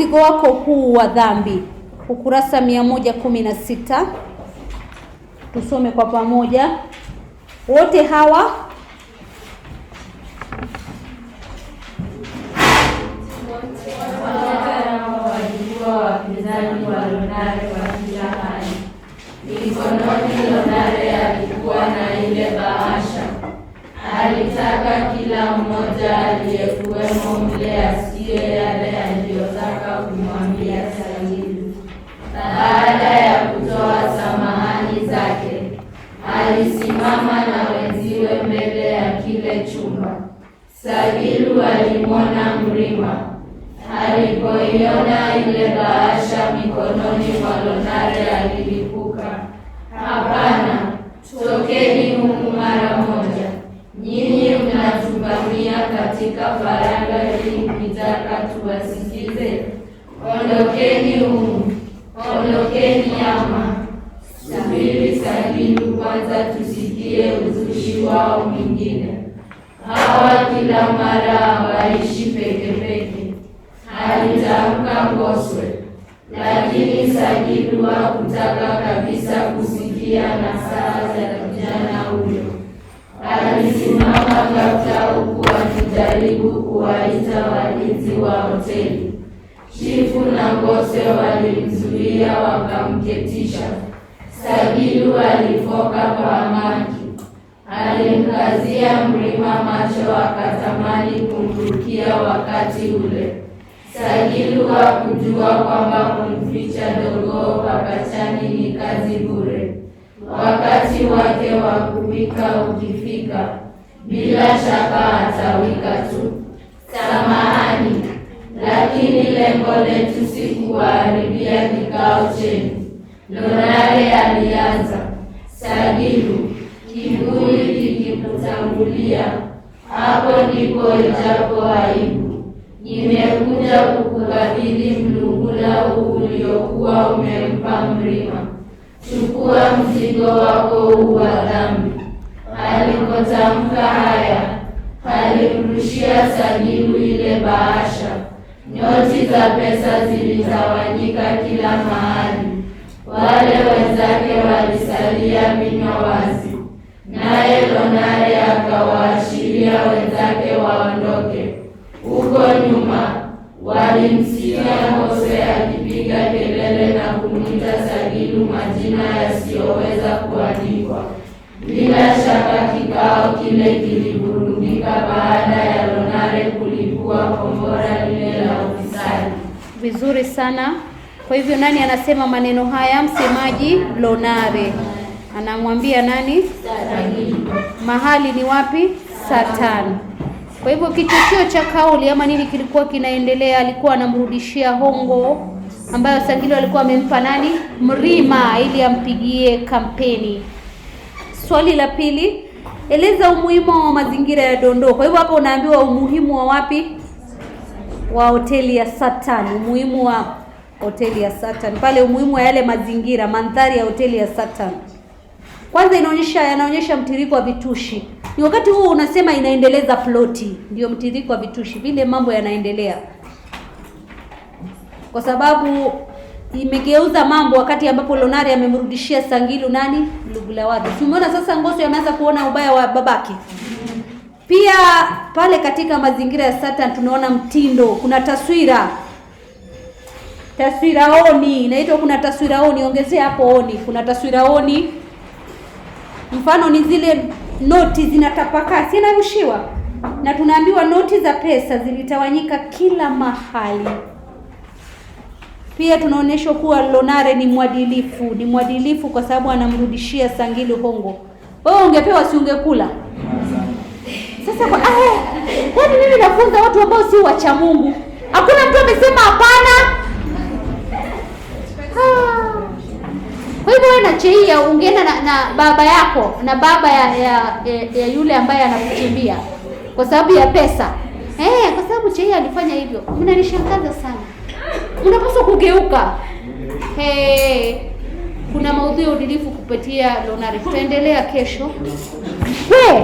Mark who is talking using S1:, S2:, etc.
S1: mzigo wako huu wa dhambi, ukurasa 116. Tusome kwa pamoja wote hawa
S2: wapinzani wa Lonare kila Mikononi alikuwa na ile bahasha, alitaka kila mmoja aliyekuwemo mle alisimama na wenziwe mbele ya kile chumba. Sagilu alimwona Mrima alipoiona ile bahasha mikononi mwa Lonare alilipuka, hapana, tokeni humu mara moja! Nyinyi mnatuvamia katika faranga hii kitaka tuwasikize? Ondokeni humu, ondokeni ama Ayubu kwanza tusikie uzushi wao mwingine. Hawa kila mara hawaishi peke peke, halitamka Boswe, lakini Sagilu hakutaka kabisa kusikia na saa za kijana huyo. Alisimama ghafla huku akijaribu kuwaita walinzi wa hoteli. Chifu na ngoswe walimzuia wakamketisha Sabiru alifoka kwa amaki. Alimkazia mrima macho, akatamani kumrukia wakati ule. Sagilu hakujua kwamba kumficha dogoo papachani ni kazi bure. Wakati wake wa kupika ukifika, bila shaka atawika tu. Samahani, lakini lengo letu si kuwaharibia kikao chenu. Lonare alianza, Sagilu kivuli kikikutangulia. Hapo ndipo ijapo aibu, nimekuja kukukabidhi mlungula huu uliokuwa umempa Mrima. Chukua mzigo wako huu wa dhambi. Alipotamka haya, alimrushia Sagilu ile bahasha. Nyoti za pesa zilitawanyika kila mahali wale wenzake walisalia vinywa wazi, naye Lonare akawaashiria wenzake waondoke. Huko nyuma walimsikia Hose akipiga kelele na kumwita Sagilu majina yasiyoweza kuandikwa. Bila shaka kikao kile kilivurugika baada ya Lonare kulipua kombora lile la ufisadi.
S1: Vizuri sana. Kwa hivyo nani anasema maneno haya? Msemaji Lonare anamwambia nani?
S3: Satani.
S1: Mahali ni wapi? Satani. Kwa hivyo kichocheo cha kauli ama nini kilikuwa kinaendelea? Alikuwa anamrudishia hongo ambayo sangili alikuwa amempa nani? Mrima ili ampigie kampeni. Swali la pili, eleza umuhimu wa mazingira ya dondoo. Kwa hivyo hapo unaambiwa umuhimu wa wapi? Wa hoteli ya Satani, umuhimu wa hoteli ya Saturn pale, umuhimu wa yale mazingira, mandhari ya hoteli ya Saturn. Kwanza inaonyesha yanaonyesha mtiririko wa vitushi, ni wakati huu unasema inaendeleza ploti, ndio mtiririko wa vitushi, vile mambo yanaendelea, kwa sababu imegeuza mambo, wakati ambapo Lonari amemrudishia Sangilu nani Lugulawadi. Tumeona sasa Ngoso ameanza kuona ubaya wa babake. Pia pale katika mazingira ya Saturn tunaona mtindo, kuna taswira taswira oni inaitwa, kuna taswira oni, ongezea hapo oni. Kuna taswira oni, mfano ni zile noti zinatapakaa, si narushiwa, na tunaambiwa noti za pesa zilitawanyika kila mahali. Pia tunaonyeshwa kuwa Lonare ni mwadilifu, ni mwadilifu kwa sababu anamrudishia Sangili hongo. Wewe ungepewa si ungekula? Sasa kwa eh, yaani mimi nafunza watu ambao si wacha Mungu. Hakuna mtu amesema hapana. wewe na Cheia ungeenda na, na baba yako na baba ya, ya, ya yule ambaye anakuchimbia kwa sababu ya pesa eh, kwa sababu Cheia alifanya hivyo. Mnanishangaza sana, unapaswa kugeuka. Hey, kuna maudhui ya udilifu kupitia Lonari, tutaendelea kesho. Hey.